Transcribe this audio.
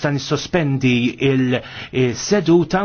sta' nissospendi il-seduta